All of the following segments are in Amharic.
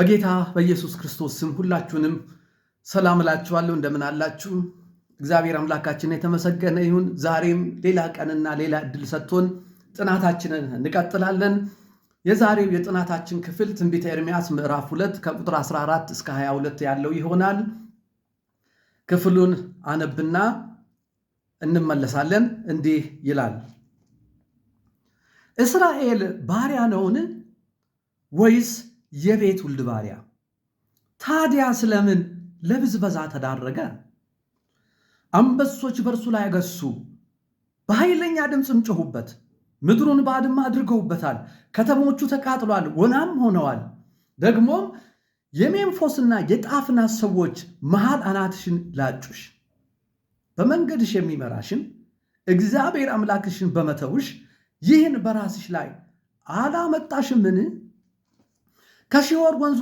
በጌታ በኢየሱስ ክርስቶስ ስም ሁላችሁንም ሰላም እላችኋለሁ። እንደምን አላችሁ? እግዚአብሔር አምላካችን የተመሰገነ ይሁን። ዛሬም ሌላ ቀንና ሌላ እድል ሰጥቶን ጥናታችንን እንቀጥላለን። የዛሬው የጥናታችን ክፍል ትንቢተ ኤርምያስ ምዕራፍ 2 ከቁጥር 14 እስከ 22 ያለው ይሆናል። ክፍሉን አነብና እንመለሳለን። እንዲህ ይላል፣ እስራኤል ባሪያ ነውን ወይስ የቤት ውልድ ባሪያ ታዲያ ስለምን ለብዝበዛ ተዳረገ? አንበሶች በእርሱ ላይ አገሱ፣ በኃይለኛ ድምፅም ምጮሁበት ምድሩን ባድማ አድርገውበታል፣ ከተሞቹ ተቃጥሏል፣ ወናም ሆነዋል። ደግሞም የሜንፎስና የጣፍናስ ሰዎች መሃል አናትሽን ላጩሽ። በመንገድሽ የሚመራሽን እግዚአብሔር አምላክሽን በመተውሽ ይህን በራስሽ ላይ አላመጣሽምን? ከሺወር ወንዝ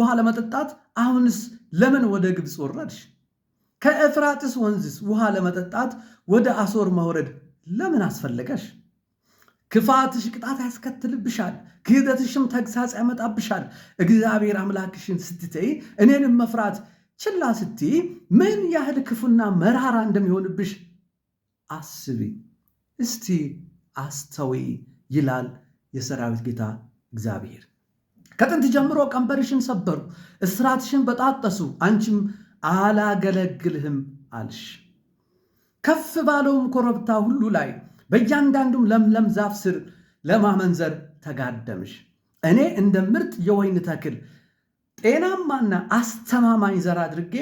ውሃ ለመጠጣት አሁንስ ለምን ወደ ግብፅ ወረድሽ? ከኤፍራጥስ ወንዝስ ውሃ ለመጠጣት ወደ አሶር መውረድ ለምን አስፈለገሽ? ክፋትሽ ቅጣት ያስከትልብሻል፣ ክህደትሽም ተግሳጽ ያመጣብሻል። እግዚአብሔር አምላክሽን ስትተይ እኔንም መፍራት ችላ ስትይ ምን ያህል ክፉና መራራ እንደሚሆንብሽ አስቢ፣ እስቲ አስተዊ፣ ይላል የሰራዊት ጌታ እግዚአብሔር። ከጥንት ጀምሮ ቀንበርሽን ሰበሩ፣ እስራትሽን በጣጠሱ፣ አንቺም አላገለግልህም አልሽ። ከፍ ባለውም ኮረብታ ሁሉ ላይ በእያንዳንዱም ለምለም ዛፍ ስር ለማመንዘር ተጋደምሽ። እኔ እንደ ምርጥ የወይን ተክል ጤናማና አስተማማኝ ዘር አድርጌ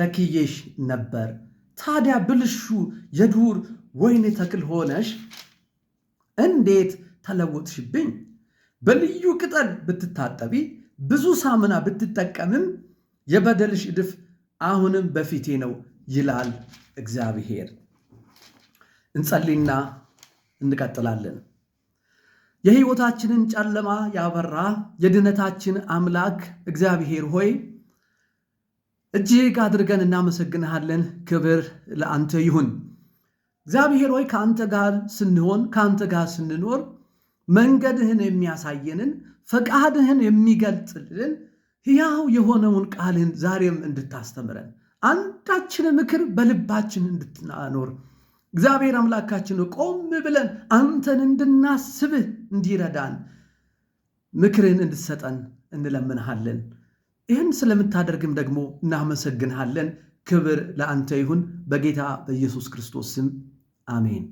ተክዬሽ ነበር። ታዲያ ብልሹ የዱር ወይን ተክል ሆነሽ እንዴት ተለወጥሽብኝ? በልዩ ቅጠል ብትታጠቢ ብዙ ሳሙና ብትጠቀምም የበደልሽ እድፍ አሁንም በፊቴ ነው ይላል እግዚአብሔር። እንጸልይና እንቀጥላለን። የሕይወታችንን ጨለማ ያበራ የድነታችን አምላክ እግዚአብሔር ሆይ እጅግ አድርገን እናመሰግንሃለን። ክብር ለአንተ ይሁን። እግዚአብሔር ሆይ ከአንተ ጋር ስንሆን ከአንተ ጋር ስንኖር መንገድህን የሚያሳየንን ፈቃድህን የሚገልጥልን ሕያው የሆነውን ቃልህን ዛሬም እንድታስተምረን አንዳችን ምክር በልባችን እንድትናኖር እግዚአብሔር አምላካችን ቆም ብለን አንተን እንድናስብህ እንዲረዳን ምክርህን እንድትሰጠን እንለምንሃለን። ይህን ስለምታደርግም ደግሞ እናመሰግንሃለን። ክብር ለአንተ ይሁን። በጌታ በኢየሱስ ክርስቶስ ስም አሜን።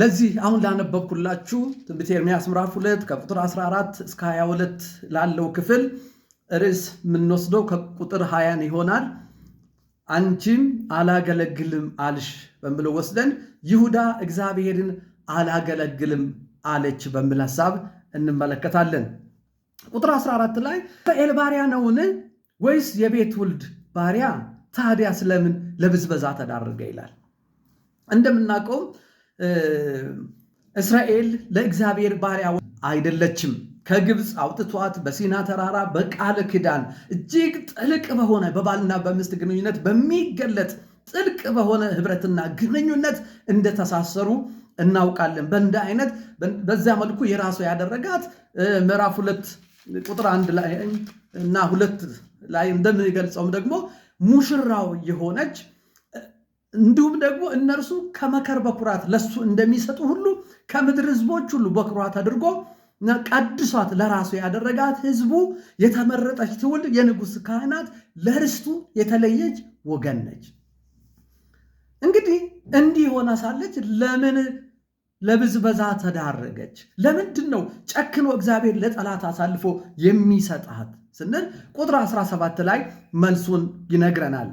ለዚህ አሁን ላነበብኩላችሁ ትንቢተ ኤርምያስ ምዕራፍ 2 ከቁጥር 14 እስከ 22 ላለው ክፍል ርዕስ የምንወስደው ከቁጥር 20 ይሆናል። አንቺም አላገለግልም አልሽ በሚለው ወስደን ይሁዳ እግዚአብሔርን አላገለግልም አለች በሚል ሀሳብ እንመለከታለን። ቁጥር 14 ላይ እስራኤል ባሪያ ነውን ወይስ የቤት ውልድ ባሪያ? ታዲያ ስለምን ለብዝበዛ ተዳረገ ይላል። እንደምናውቀው እስራኤል ለእግዚአብሔር ባሪያ አይደለችም። ከግብፅ አውጥቷት በሲና ተራራ በቃል ኪዳን እጅግ ጥልቅ በሆነ በባልና በሚስት ግንኙነት በሚገለጥ ጥልቅ በሆነ ህብረትና ግንኙነት እንደተሳሰሩ እናውቃለን። በእንደ አይነት በዚያ መልኩ የራሷ ያደረጋት ምዕራፍ ሁለት ቁጥር አንድ ላይ እና ሁለት ላይ እንደምንገልጸውም ደግሞ ሙሽራው የሆነች እንዲሁም ደግሞ እነርሱ ከመከር በኩራት ለሱ እንደሚሰጡ ሁሉ ከምድር ህዝቦች ሁሉ በኩራት አድርጎ ቀድሷት ለራሱ ያደረጋት ህዝቡ የተመረጠች ትውልድ፣ የንጉሥ ካህናት፣ ለርስቱ የተለየች ወገን ነች። እንግዲህ እንዲህ ሆና ሳለች ለምን ለብዝበዛ ተዳረገች? ለምንድን ነው ጨክኖ እግዚአብሔር ለጠላት አሳልፎ የሚሰጣት ስንል ቁጥር 17 ላይ መልሱን ይነግረናል።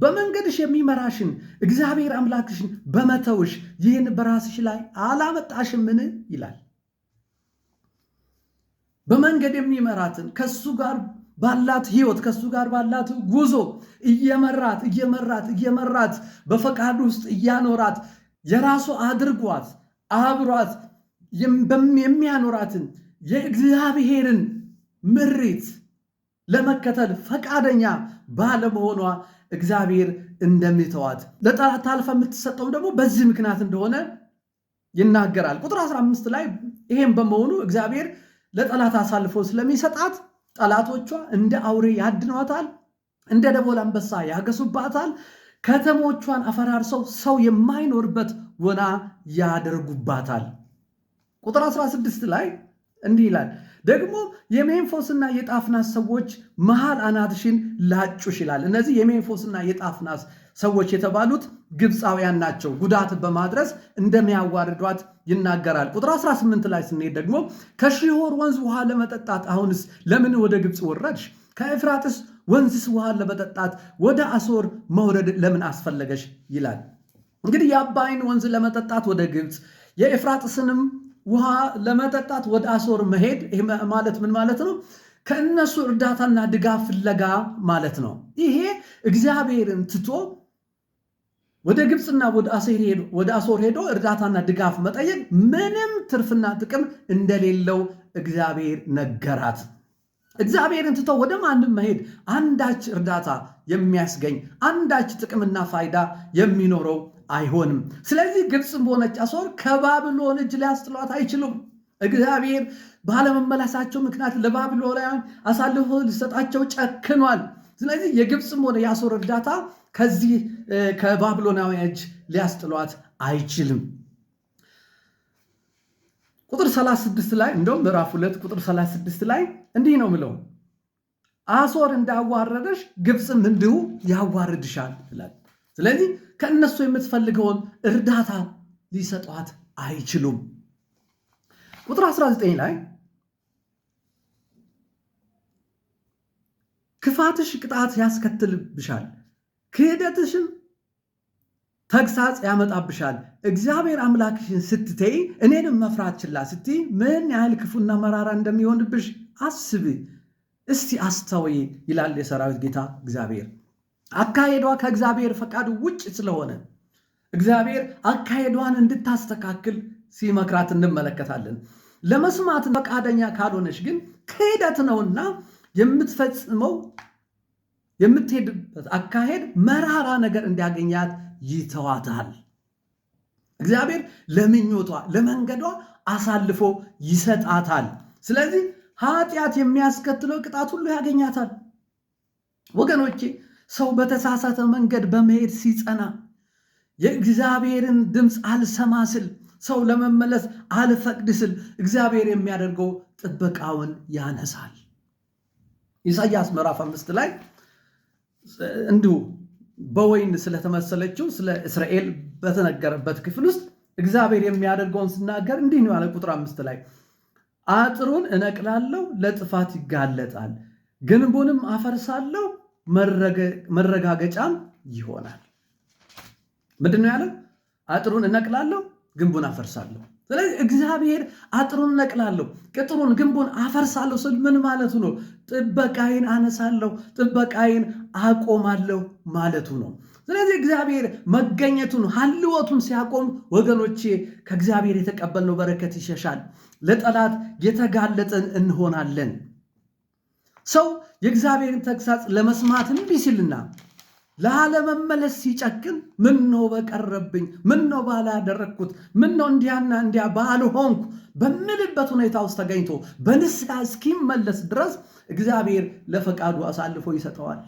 በመንገድሽ የሚመራሽን እግዚአብሔር አምላክሽን በመተውሽ ይህን በራስሽ ላይ አላመጣሽምን? ይላል። በመንገድ የሚመራትን ከሱ ጋር ባላት ህይወት ከሱ ጋር ባላት ጉዞ እየመራት እየመራት እየመራት በፈቃድ ውስጥ እያኖራት የራሱ አድርጓት አብሯት የሚያኖራትን የእግዚአብሔርን ምሪት ለመከተል ፈቃደኛ ባለመሆኗ እግዚአብሔር እንደሚተዋት ለጠላት ታልፈ የምትሰጠው ደግሞ በዚህ ምክንያት እንደሆነ ይናገራል። ቁጥር 15 ላይ ይሄም በመሆኑ እግዚአብሔር ለጠላት አሳልፎ ስለሚሰጣት ጠላቶቿ እንደ አውሬ ያድኗታል፣ እንደ ደቦል አንበሳ ያገሱባታል። ከተሞቿን አፈራርሰው ሰው የማይኖርበት ወና ያደርጉባታል። ቁጥር 16 ላይ እንዲህ ይላል ደግሞ የሜንፎስና የጣፍናስ ሰዎች መሃል አናትሽን ላጩሽ ይላል። እነዚህ የሜንፎስና የጣፍናስ ሰዎች የተባሉት ግብፃውያን ናቸው። ጉዳት በማድረስ እንደሚያዋርዷት ይናገራል። ቁጥር 18 ላይ ስንሄድ ደግሞ ከሺሆር ወንዝ ውሃ ለመጠጣት አሁንስ ለምን ወደ ግብፅ ወረድሽ? ከኤፍራጥስ ወንዝስ ውሃ ለመጠጣት ወደ አሶር መውረድ ለምን አስፈለገሽ? ይላል። እንግዲህ የአባይን ወንዝ ለመጠጣት ወደ ግብፅ የኤፍራጥስንም ውሃ ለመጠጣት ወደ አሶር መሄድ ማለት ምን ማለት ነው? ከእነሱ እርዳታና ድጋፍ ፍለጋ ማለት ነው። ይሄ እግዚአብሔርን ትቶ ወደ ግብፅና ወደ አሶር ሄዶ እርዳታና ድጋፍ መጠየቅ ምንም ትርፍና ጥቅም እንደሌለው እግዚአብሔር ነገራት። እግዚአብሔርን ትቶ ወደ ማንም መሄድ አንዳች እርዳታ የሚያስገኝ አንዳች ጥቅምና ፋይዳ የሚኖረው አይሆንም። ስለዚህ ግብፅም በሆነች አሦር ከባቢሎን እጅ ሊያስጥሏት አይችሉም። እግዚአብሔር ባለመመለሳቸው ምክንያት ለባቢሎናውያን አሳልፎ ሊሰጣቸው ጨክኗል። ስለዚህ የግብፅም ሆነ የአሶር እርዳታ ከዚህ ከባቢሎናውያን እጅ ሊያስጥሏት አይችልም። ቁጥር 36 ላይ እንደውም ምዕራፍ 2 ቁጥር 36 ላይ እንዲህ ነው ምለው አሶር እንዳዋረደሽ ግብፅም እንዲሁ ያዋርድሻል ይላል። ስለዚህ ከእነሱ የምትፈልገውን እርዳታ ሊሰጧት አይችሉም። ቁጥር 19 ላይ ክፋትሽ ቅጣት ያስከትልብሻል፣ ክህደትሽም ተግሳጽ ያመጣብሻል። እግዚአብሔር አምላክሽን ስትተይ እኔንም መፍራት ችላ ስትይ ምን ያህል ክፉና መራራ እንደሚሆንብሽ አስብ እስቲ አስተውይ ይላል የሰራዊት ጌታ እግዚአብሔር። አካሄዷ ከእግዚአብሔር ፈቃድ ውጭ ስለሆነ እግዚአብሔር አካሄዷን እንድታስተካክል ሲመክራት እንመለከታለን። ለመስማት ፈቃደኛ ካልሆነች ግን ክህደት ነውና የምትፈጽመው የምትሄድበት አካሄድ መራራ ነገር እንዲያገኛት ይተዋታል። እግዚአብሔር ለምኞቷ ለመንገዷ አሳልፎ ይሰጣታል። ስለዚህ ኃጢአት የሚያስከትለው ቅጣት ሁሉ ያገኛታል። ወገኖቼ ሰው በተሳሳተ መንገድ በመሄድ ሲጸና የእግዚአብሔርን ድምፅ አልሰማ ስል ሰው ለመመለስ አልፈቅድ ስል እግዚአብሔር የሚያደርገው ጥበቃውን ያነሳል። ኢሳያስ ምዕራፍ አምስት ላይ እንዲሁ በወይን ስለተመሰለችው ስለ እስራኤል በተነገረበት ክፍል ውስጥ እግዚአብሔር የሚያደርገውን ስናገር እንዲህ ነው ያለ። ቁጥር አምስት ላይ አጥሩን እነቅላለሁ፣ ለጥፋት ይጋለጣል፣ ግንቡንም አፈርሳለሁ መረጋገጫም ይሆናል። ምንድን ነው ያለው? አጥሩን እነቅላለሁ፣ ግንቡን አፈርሳለሁ። ስለዚህ እግዚአብሔር አጥሩን እነቅላለሁ፣ ቅጥሩን፣ ግንቡን አፈርሳለሁ ስል ምን ማለቱ ነው? ጥበቃዬን አነሳለሁ፣ ጥበቃዬን አቆማለሁ ማለቱ ነው። ስለዚህ እግዚአብሔር መገኘቱን ሀልወቱን ሲያቆም ወገኖቼ ከእግዚአብሔር የተቀበልነው በረከት ይሸሻል። ለጠላት የተጋለጠን እንሆናለን። ሰው የእግዚአብሔርን ተግሳጽ ለመስማት እምቢ ሲልና ላለመመለስ ሲጨክን ምን ነው በቀረብኝ፣ ምን ነው ባላደረግኩት፣ ምን ነው እንዲያና እንዲያ ባልሆንኩ በምልበት ሁኔታ ውስጥ ተገኝቶ በንስሐ እስኪመለስ ድረስ እግዚአብሔር ለፈቃዱ አሳልፎ ይሰጠዋል።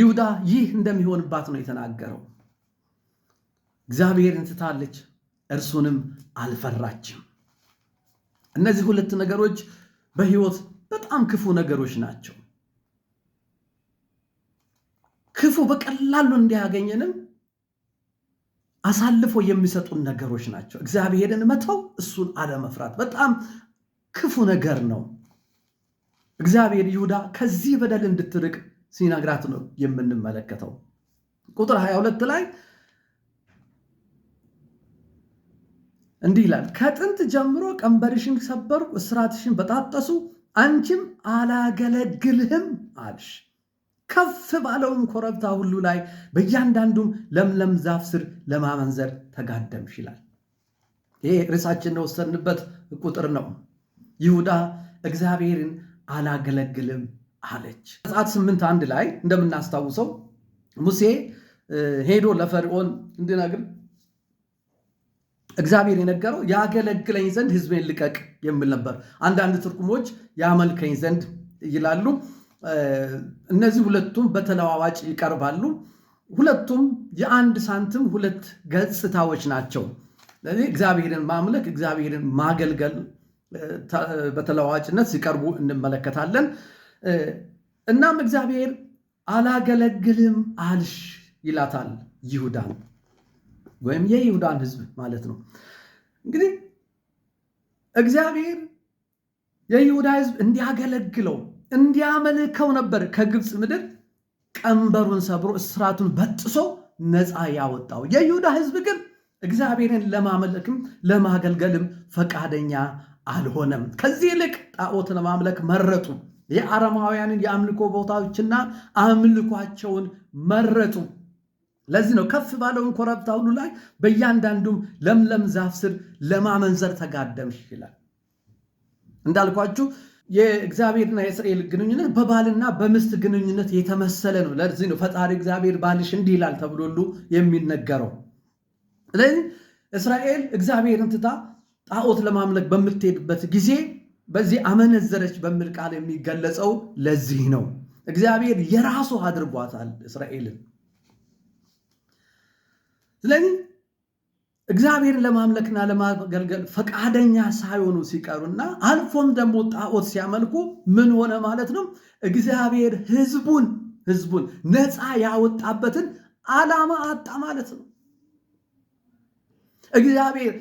ይሁዳ ይህ እንደሚሆንባት ነው የተናገረው። እግዚአብሔርን ትታለች፣ እርሱንም አልፈራችም። እነዚህ ሁለት ነገሮች በህይወት በጣም ክፉ ነገሮች ናቸው። ክፉ በቀላሉ እንዲያገኘንም አሳልፎ የሚሰጡን ነገሮች ናቸው። እግዚአብሔርን መተው እሱን አለመፍራት በጣም ክፉ ነገር ነው። እግዚአብሔር ይሁዳ ከዚህ በደል እንድትርቅ ሲነግራት ነው የምንመለከተው ቁጥር 22 ላይ እንዲህ ይላል፣ ከጥንት ጀምሮ ቀንበርሽን ሰበርኩ፣ እስራትሽን በጣጠሱ፣ አንቺም አላገለግልህም አልሽ። ከፍ ባለውም ኮረብታ ሁሉ ላይ በእያንዳንዱም ለምለም ዛፍ ስር ለማመንዘር ተጋደምሽ ይላል። ይሄ ርዕሳችን የወሰንበት ቁጥር ነው። ይሁዳ እግዚአብሔርን አላገለግልም አለች። ዘጸአት ስምንት አንድ ላይ እንደምናስታውሰው ሙሴ ሄዶ ለፈርዖን እንድነግር እግዚአብሔር የነገረው ያገለግለኝ ዘንድ ህዝቤን ልቀቅ የሚል ነበር። አንዳንድ ትርጉሞች ያመልከኝ ዘንድ ይላሉ። እነዚህ ሁለቱም በተለዋዋጭ ይቀርባሉ። ሁለቱም የአንድ ሳንቲም ሁለት ገጽታዎች ናቸው። እግዚአብሔርን ማምለክ፣ እግዚአብሔርን ማገልገል በተለዋዋጭነት ሲቀርቡ እንመለከታለን። እናም እግዚአብሔር አላገለግልም አልሽ ይላታል ይሁዳን ወይም የይሁዳን ህዝብ ማለት ነው። እንግዲህ እግዚአብሔር የይሁዳ ህዝብ እንዲያገለግለው እንዲያመልከው ነበር ከግብፅ ምድር ቀንበሩን ሰብሮ እስራቱን በጥሶ ነፃ ያወጣው። የይሁዳ ህዝብ ግን እግዚአብሔርን ለማመለክም ለማገልገልም ፈቃደኛ አልሆነም። ከዚህ ይልቅ ጣዖት ለማምለክ መረጡ። የአረማውያንን የአምልኮ ቦታዎችና አምልኳቸውን መረጡ። ለዚህ ነው ከፍ ባለውን ኮረብታ ሁሉ ላይ በእያንዳንዱም ለምለም ዛፍ ስር ለማመንዘር ተጋደምሽ ይላል። እንዳልኳችሁ የእግዚአብሔርና የእስራኤል ግንኙነት በባልና በምስት ግንኙነት የተመሰለ ነው። ለዚህ ነው ፈጣሪ እግዚአብሔር ባልሽ እንዲህ ይላል ተብሎ ሁሉ የሚነገረው። ስለዚህ እስራኤል እግዚአብሔርን ትታ ጣዖት ለማምለክ በምትሄድበት ጊዜ በዚህ አመነዘረች በሚል ቃል የሚገለጸው ለዚህ ነው። እግዚአብሔር የራሱ አድርጓታል እስራኤልን። ስለዚህ እግዚአብሔርን ለማምለክና ለማገልገል ፈቃደኛ ሳይሆኑ ሲቀሩና አልፎም ደግሞ ጣዖት ሲያመልኩ ምን ሆነ ማለት ነው? እግዚአብሔር ህዝቡን ህዝቡን ነፃ ያወጣበትን ዓላማ አጣ ማለት ነው። እግዚአብሔር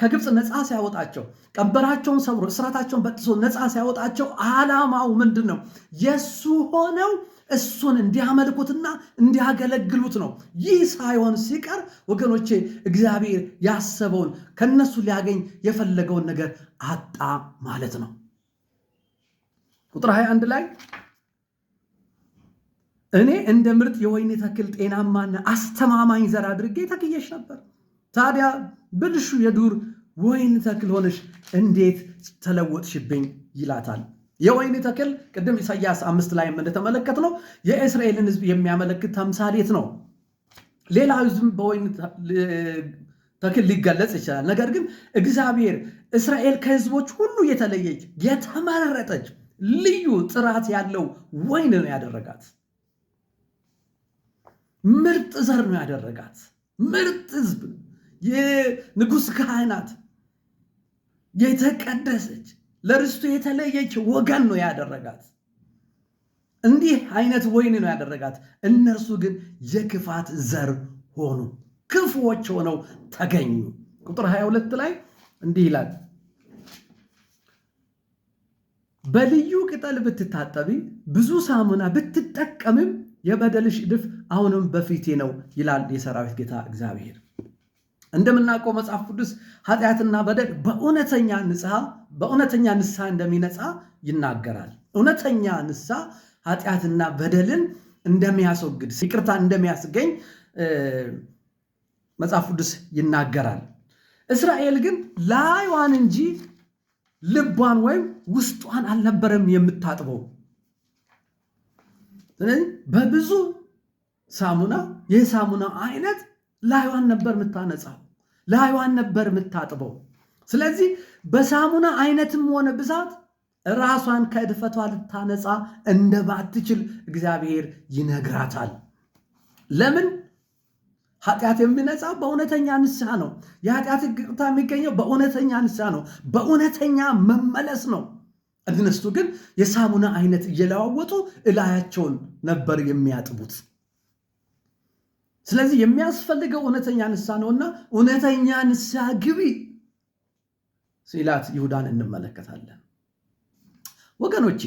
ከግብፅ ነፃ ሲያወጣቸው ቀንበራቸውን ሰብሮ እስራታቸውን በጥሶ ነፃ ሲያወጣቸው ዓላማው ምንድን ነው? የእሱ ሆነው እሱን እንዲያመልኩትና እንዲያገለግሉት ነው። ይህ ሳይሆን ሲቀር ወገኖቼ እግዚአብሔር ያሰበውን ከነሱ ሊያገኝ የፈለገውን ነገር አጣ ማለት ነው። ቁጥር 21 ላይ እኔ እንደ ምርጥ የወይን ተክል ጤናማና አስተማማኝ ዘር አድርጌ ተክየሽ ነበር። ታዲያ ብልሹ የዱር ወይን ተክል ሆነሽ እንዴት ተለወጥሽብኝ? ይላታል። የወይን ተክል ቅድም ኢሳያስ አምስት ላይ እንደተመለከት ነው የእስራኤልን ህዝብ የሚያመለክት ተምሳሌት ነው። ሌላ ህዝብም በወይን ተክል ሊገለጽ ይችላል። ነገር ግን እግዚአብሔር እስራኤል ከህዝቦች ሁሉ የተለየች የተመረጠች ልዩ ጥራት ያለው ወይን ነው ያደረጋት። ምርጥ ዘር ነው ያደረጋት። ምርጥ ህዝብ የንጉሥ ካህናት፣ የተቀደሰች ለርስቱ የተለየች ወገን ነው ያደረጋት። እንዲህ አይነት ወይን ነው ያደረጋት። እነርሱ ግን የክፋት ዘር ሆኑ፣ ክፉዎች ሆነው ተገኙ። ቁጥር 22 ላይ እንዲህ ይላል፣ በልዩ ቅጠል ብትታጠቢ ብዙ ሳሙና ብትጠቀምም የበደልሽ እድፍ አሁንም በፊቴ ነው ይላል የሰራዊት ጌታ እግዚአብሔር። እንደምናውቀው መጽሐፍ ቅዱስ ኃጢአትና በደል በእውነተኛ ንጽሐ በእውነተኛ ንስሐ እንደሚነጻ ይናገራል። እውነተኛ ንስሐ ኃጢአትና በደልን እንደሚያስወግድ፣ ይቅርታ እንደሚያስገኝ መጽሐፍ ቅዱስ ይናገራል። እስራኤል ግን ላይዋን እንጂ ልቧን ወይም ውስጧን አልነበረም የምታጥበው። ስለዚህ በብዙ ሳሙና የሳሙና አይነት ላይዋን ነበር የምታነጻው፣ ላይዋን ነበር የምታጥበው። ስለዚህ በሳሙና አይነትም ሆነ ብዛት ራሷን ከእድፈቷ ልታነፃ እንደባትችል እግዚአብሔር ይነግራታል። ለምን? ኃጢአት የሚነጻው በእውነተኛ ንስሐ ነው። የኃጢአት ይቅርታ የሚገኘው በእውነተኛ ንስሐ ነው፣ በእውነተኛ መመለስ ነው። እነሱ ግን የሳሙና አይነት እየለዋወጡ እላያቸውን ነበር የሚያጥቡት። ስለዚህ የሚያስፈልገው እውነተኛ ንስሐ ነውና እውነተኛ ንስሐ ግቢ ሲላት ይሁዳን እንመለከታለን። ወገኖቼ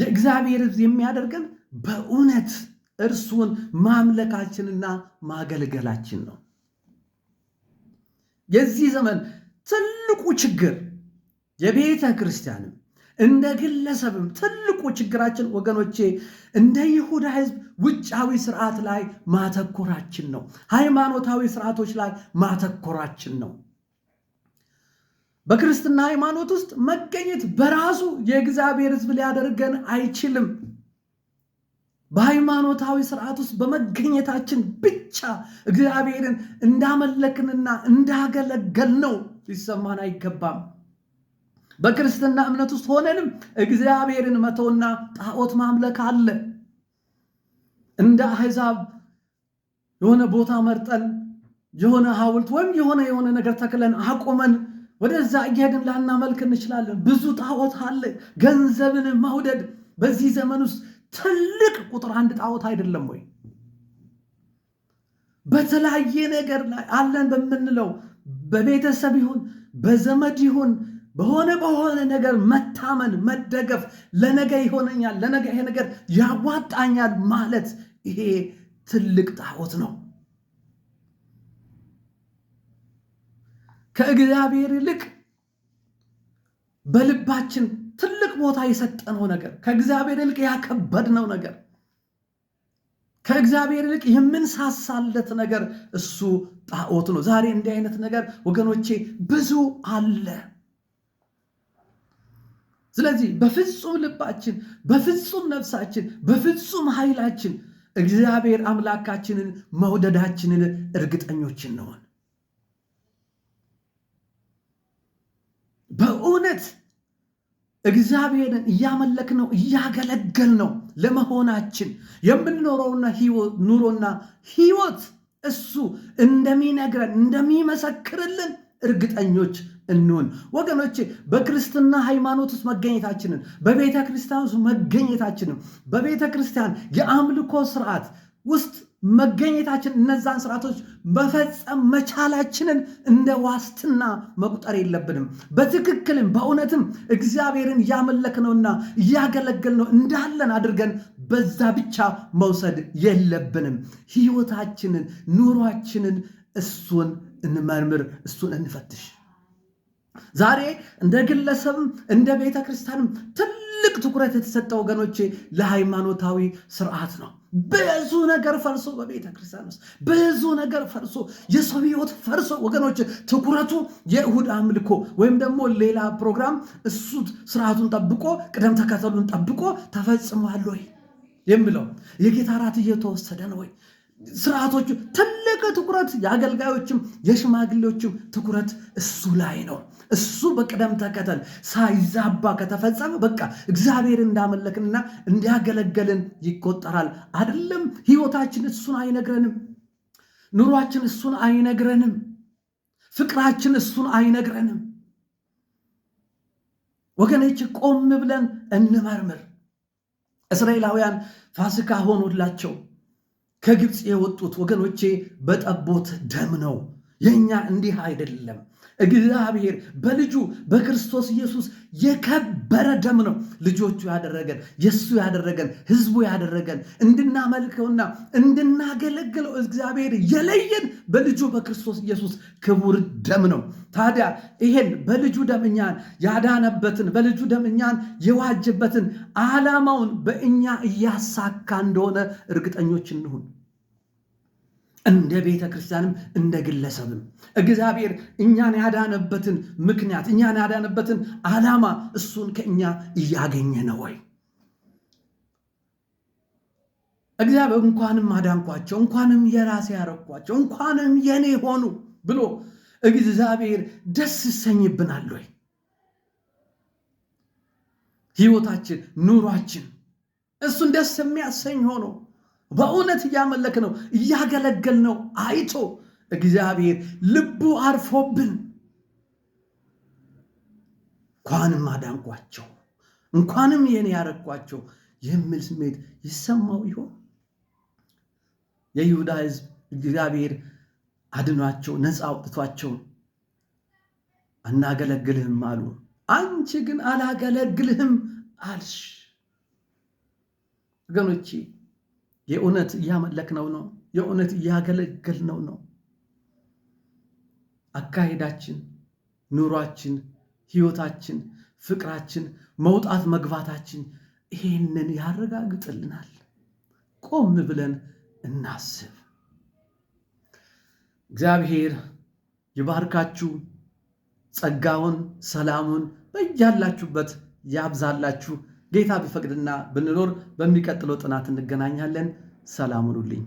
የእግዚአብሔር ሕዝብ የሚያደርገን በእውነት እርሱን ማምለካችንና ማገልገላችን ነው። የዚህ ዘመን ትልቁ ችግር የቤተ ክርስቲያንም እንደ ግለሰብም ትልቁ ችግራችን ወገኖቼ እንደ ይሁዳ ህዝብ ውጫዊ ስርዓት ላይ ማተኮራችን ነው። ሃይማኖታዊ ስርዓቶች ላይ ማተኮራችን ነው። በክርስትና ሃይማኖት ውስጥ መገኘት በራሱ የእግዚአብሔር ሕዝብ ሊያደርገን አይችልም። በሃይማኖታዊ ስርዓት ውስጥ በመገኘታችን ብቻ እግዚአብሔርን እንዳመለክንና እንዳገለገል ነው ሊሰማን አይገባም። በክርስትና እምነት ውስጥ ሆነንም እግዚአብሔርን መተውና ጣዖት ማምለክ አለ። እንደ አሕዛብ የሆነ ቦታ መርጠን የሆነ ሐውልት ወይም የሆነ የሆነ ነገር ተክለን አቁመን ወደዛ እየሄድን ላናመልክ እንችላለን። ብዙ ጣዖት አለ። ገንዘብን መውደድ በዚህ ዘመን ውስጥ ትልቅ ቁጥር አንድ ጣዖት አይደለም ወይ? በተለያየ ነገር ላይ አለን በምንለው በቤተሰብ ይሁን በዘመድ ይሁን በሆነ በሆነ ነገር መታመን መደገፍ፣ ለነገ ይሆነኛል፣ ለነገ ይሄ ነገር ያዋጣኛል ማለት ይሄ ትልቅ ጣዖት ነው። ከእግዚአብሔር ይልቅ በልባችን ትልቅ ቦታ የሰጠነው ነገር ከእግዚአብሔር ይልቅ ያከበድነው ነገር ከእግዚአብሔር ይልቅ የምንሳሳለት ነገር እሱ ጣዖት ነው። ዛሬ እንዲህ አይነት ነገር ወገኖቼ ብዙ አለ። ስለዚህ በፍጹም ልባችን፣ በፍጹም ነፍሳችን፣ በፍጹም ኃይላችን እግዚአብሔር አምላካችንን መውደዳችንን እርግጠኞች እንሆን። በእውነት እግዚአብሔርን እያመለክ ነው እያገለገል ነው ለመሆናችን የምንኖረውና ኑሮና ህይወት እሱ እንደሚነግረን እንደሚመሰክርልን እርግጠኞች እንሆን። ወገኖቼ በክርስትና ሃይማኖት ውስጥ መገኘታችንን በቤተ ክርስቲያን ውስጥ መገኘታችንን በቤተ ክርስቲያን የአምልኮ ስርዓት ውስጥ መገኘታችን እነዛን ስርዓቶች መፈጸም መቻላችንን እንደ ዋስትና መቁጠር የለብንም። በትክክልም በእውነትም እግዚአብሔርን እያመለክነውና እያገለገልነው እንዳለን አድርገን በዛ ብቻ መውሰድ የለብንም። ህይወታችንን ኑሯችንን እሱን እንመርምር፣ እሱን እንፈትሽ። ዛሬ እንደ ግለሰብም እንደ ቤተ ክርስቲያንም ትልቅ ትኩረት የተሰጠ ወገኖቼ ለሃይማኖታዊ ስርዓት ነው። ብዙ ነገር ፈርሶ በቤተ ክርስቲያን ውስጥ ብዙ ነገር ፈርሶ የሰው ህይወት ፈርሶ ወገኖች ትኩረቱ የእሁድ አምልኮ ወይም ደግሞ ሌላ ፕሮግራም እሱ ስርዓቱን ጠብቆ ቅደም ተከተሉን ጠብቆ ተፈጽሟል ወይ የሚለው የጌታ እራት እየተወሰደ ነው ወይ? ስርዓቶቹ ትልቅ ትኩረት የአገልጋዮችም የሽማግሌዎችም ትኩረት እሱ ላይ ነው። እሱ በቅደም ተከተል ሳይዛባ ከተፈጸመ በቃ እግዚአብሔር እንዳመለክንና እንዲያገለገልን ይቆጠራል። አይደለም ህይወታችን እሱን አይነግረንም። ኑሯችን እሱን አይነግረንም። ፍቅራችን እሱን አይነግረንም። ወገኖች ቆም ብለን እንመርምር። እስራኤላውያን ፋሲካ ሆኖላቸው ከግብፅ የወጡት ወገኖቼ በጠቦት ደም ነው። የእኛ እንዲህ አይደለም። እግዚአብሔር በልጁ በክርስቶስ ኢየሱስ የከበረ ደም ነው ልጆቹ ያደረገን፣ የእሱ ያደረገን፣ ህዝቡ ያደረገን እንድናመልከውና እንድናገለግለው እግዚአብሔር የለየን በልጁ በክርስቶስ ኢየሱስ ክቡር ደም ነው። ታዲያ ይሄን በልጁ ደም እኛን ያዳነበትን በልጁ ደም እኛን የዋጀበትን ዓላማውን በእኛ እያሳካ እንደሆነ እርግጠኞች እንሁን። እንደ ቤተ ክርስቲያንም እንደ ግለሰብም እግዚአብሔር እኛን ያዳነበትን ምክንያት እኛን ያዳነበትን ዓላማ እሱን ከእኛ እያገኘ ነው ወይ? እግዚአብሔር እንኳንም አዳንኳቸው፣ እንኳንም የራሴ ያረኳቸው፣ እንኳንም የኔ ሆኑ ብሎ እግዚአብሔር ደስ ይሰኝብናል ወይ? ህይወታችን ኑሯችን እሱን ደስ የሚያሰኝ ሆነው በእውነት እያመለክ ነው እያገለገል ነው አይቶ እግዚአብሔር ልቡ አርፎብን እንኳንም አዳንኳቸው እንኳንም የኔ ያረግኳቸው የሚል ስሜት ይሰማው ይሆን? የይሁዳ ሕዝብ እግዚአብሔር አድኗቸው ነፃ አውጥቷቸው አናገለግልህም አሉ። አንቺ ግን አላገለግልህም አልሽ ወገኖቼ የእውነት እያመለክ ነው። የእውነት ነው ነው። አካሄዳችን፣ ኑሯችን፣ ህይወታችን፣ ፍቅራችን፣ መውጣት መግባታችን ይሄንን ያረጋግጥልናል። ቆም ብለን እናስብ። እግዚአብሔር ይባርካችሁ፣ ጸጋውን ሰላሙን በያላችሁበት ያብዛላችሁ። ጌታ ቢፈቅድና ብንኖር በሚቀጥለው ጥናት እንገናኛለን። ሰላም ሁኑልኝ።